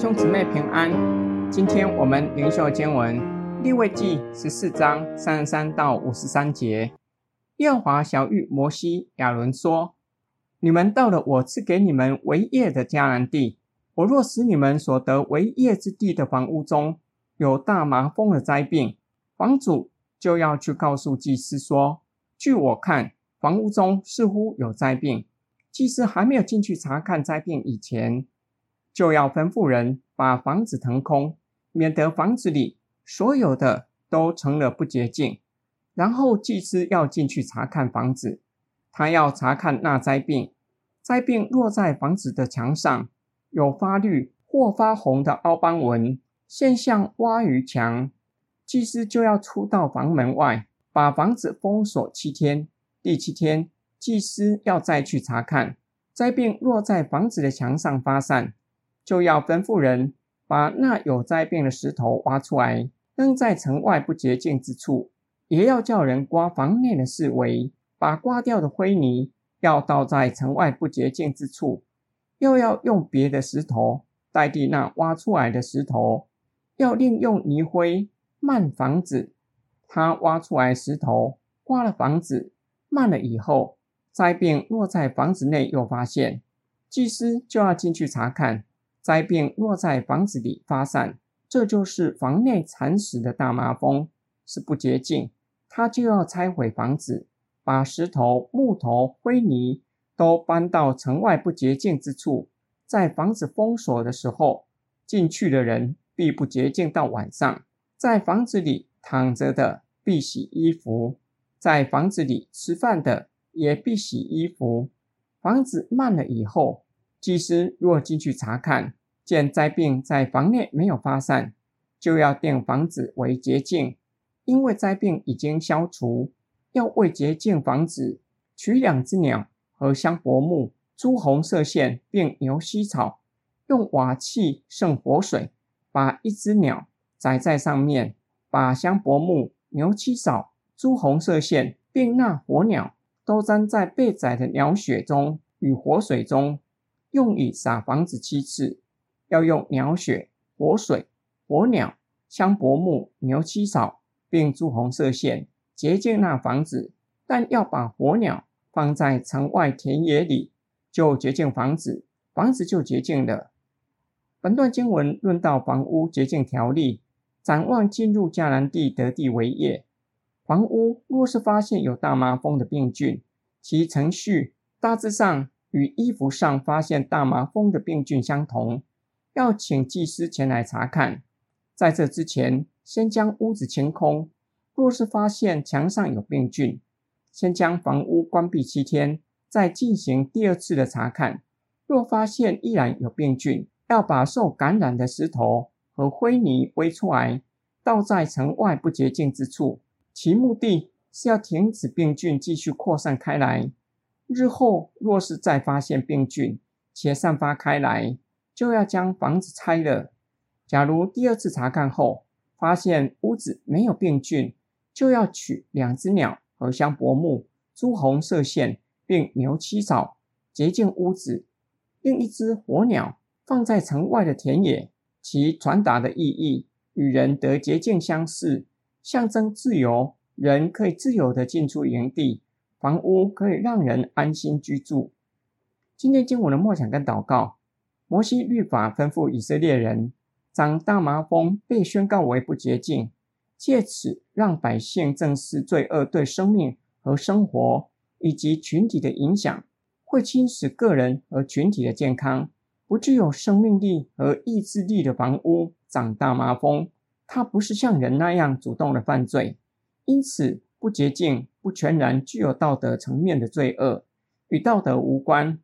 兄姊妹平安，今天我們靈修經文《利未記》十四章三十三到五十三節。耶和華曉諭摩西、亞倫說：“你們到了我賜給你們為業的迦南地，我若使你們所得為業之地的房屋中有大痲瘋的災病，房主就要去告訴祭司說：‘據我看，房屋中似乎有災病。’祭司還沒有進去察看災病以前。”就要吩咐人把房子騰空，免得房子裡所有的都成了不潔淨。然後祭司要進去察看房子，他要察看那災病。災病若在房子的牆上，有發綠或發紅的凹斑紋，現象窪於牆，祭司就要出到房門外，把房子封鎖七天。第七天，祭司要再去察看，災病若在房子的牆上發散。就要吩咐人把那有災病的石頭挖出來，扔在城外不潔淨之處；也要叫人刮房內的四圍，把刮掉的灰泥要倒在城外不潔淨之處；又要用別的石頭代替那挖出來的石頭，要另用泥灰墁房子。他挖出來石頭，刮了房子，墁了以後，災病落在房子內，又發現，祭司就要進去查看。災病落在房子裡發散，這就是房內蠶食的大痲瘋，是不潔淨。他就要拆毀房子，把石頭、木頭、灰泥都搬到城外不潔淨之處。在房子封鎖的時候，進去的人必不潔淨到晚上；在房子裡躺着的必洗衣服，在房子裡吃飯的也必洗衣服。房子墁了以後，祭司若進去查看。見災病在房內沒有發散，就要定房子為潔淨，因為災病已經消除。要為潔淨房子，取兩隻鳥和香柏木、朱紅色線並牛膝草，用瓦器盛活水，把一隻鳥宰在上面，把香柏木、牛膝草、朱紅色線並那活鳥都蘸在被宰的鳥血中與活水中，用以灑房子七次。要用鳥血、活水、活鳥、香柏木、牛膝草，並朱紅色線潔淨那房子，但要把活鳥放在城外田野裡，就潔淨房子，房子就潔淨了。本段經文論到房屋潔淨條例，展望進入迦南地得地為業。房屋若是發現有大麻風的病菌，其程序大致上與衣服上發現大麻風的病菌相同。要請祭司前來查看，在這之前，先將屋子清空。若是發現牆上有病菌，先將房屋關閉七天，再進行第二次的查看。若發現依然有病菌，要把受感染的石頭和灰泥挖出來，倒在城外不潔淨之處。其目的是要停止病菌繼續擴散開來。日後若是再發現病菌且散發開來，就要將房子拆了。假如第二次查看後發現屋子沒有病菌，就要取兩隻鳥和香柏木、朱紅色線，並牛膝草潔淨屋子。另一隻活鳥放在城外的田野，其傳達的意義與人得潔淨相似，象徵自由，人可以自由地進出營地，房屋可以讓人安心居住。今天經文的默想跟禱告。摩西律法吩咐以色列人，長大麻風被宣告為不潔淨，借此讓百姓正視罪惡對生命和生活以及群體的影響，會侵蝕個人和群體的健康。不具有生命力和意志力的房屋長大麻風，它不是像人那樣主動的犯罪，因此不潔淨不全然具有道德層面的罪惡，與道德無關。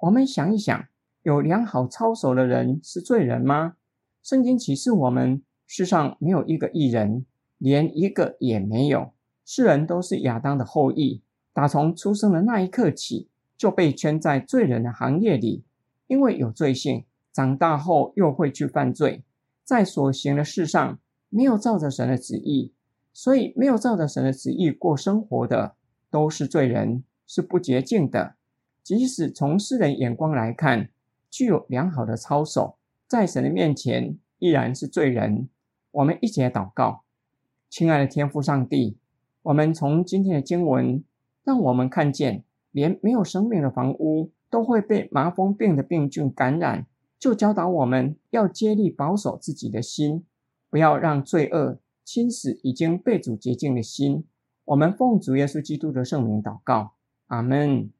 我們想一想。有良好操守的人是罪人嗎？聖經啟示我們，世上沒有一個義人，連一個也沒有。世人都是亞當的後裔，打從出生的那一刻起，就被圈在罪人的行列裡，因為有罪性。長大後又會去犯罪，在所行的事上沒有照着神的旨意，所以沒有照着神的旨意過生活的，都是罪人，是不潔淨的。即使從世人眼光來看，具有良好的操守，在神的面前依然是罪人。我們一起來禱告，親愛的天父上帝，我們從今天的經文，讓我們看見，連沒有生命的房屋都會被麻風病的病菌感染，就教導我們要竭力保守自己的心，不要讓罪惡侵蝕已經被主潔淨的心。我們奉主耶穌基督的聖名禱告，阿門。